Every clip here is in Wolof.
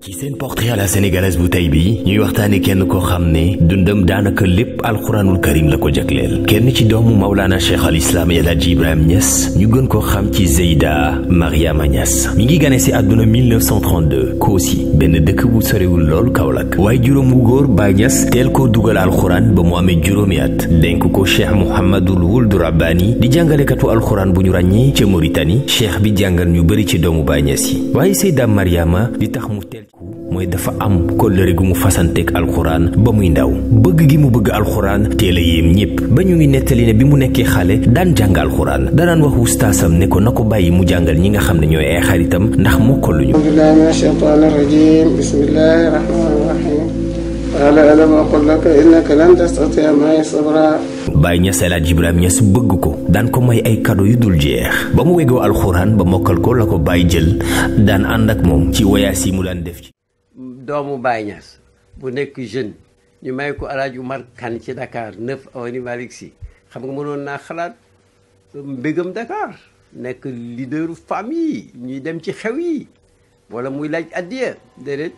ci seen portrait à la sénégalaise bu tey bi ñuy waxtaane kenn koo xam ne dundam daanaka lépp alxuraanul karim la ko jagleel kenn ci doomu mawlaana cheikh al islaam El Hadji Ibrahima Niass ñu gën koo xam ci Zeyda Mariama Niass mi ngi gane si àdduna 1932 Koosi benn dëkk bu sorewul lool Kaolack waaye juróom wu góor Baay Niass teel koo dugal alxuraan ba mu amee juróomi at dénk ko cheikh Mouhamadul Wuld Rabbani di jàngalekatu alxuraan bu ñu ràññee ca Mauritanie cheikh bi jàngal ñu bëri ci doomu Baay mooy dafa am kóllëre gu mu fasanteeg alxuraan ba muy ndaw bëgg gi mu bëgg alxuraan teel a yéem ñëpp ba ñu ngi nettali ne bi mu nekkee xale daan jàng alxuraan danaan wax wustaasam ne ko na ko bàyyi mu jàngal ñi nga xam ne ñooy ay xaritam ndax lu ñu ko mokkaluñu bàyyi ñas alaaj ibrahim ñas bëgg ko daan ko may ay kado yu dul jeex ba mu wegoo alxuraan ba mokkal ko la ko bàyyi jël daan ànd ak moom ci wayaas yi mu daan def ci doomu Baye Niass bu nekk jeune ñu may ko El Umar Kane ci Dakar neuf avenue Malick Sy xam nga mënoon naa xalaat mbégam Dakar nekk leaderu famille ñuy dem ci xew yi wala muy laaj addiya déedéet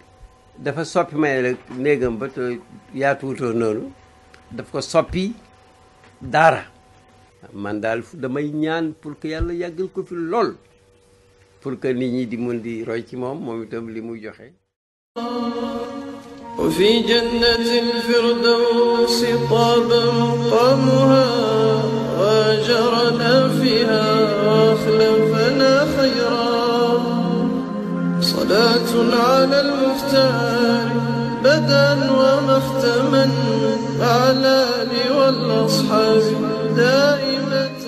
dafa soppi may rek néegam ba te yaatuwutoo noonu daf ko soppi daara man daal damay ñaan pour que yàlla yàggal ko fi lool pour que nit ñi di mun di roy ci moom moom itam li muy joxe وفي جنة الفردوس طاب مقامها وأجرنا فيها وأخلفنا خيرا صلاة على المختار بدا ومختما على والأصحاب دائما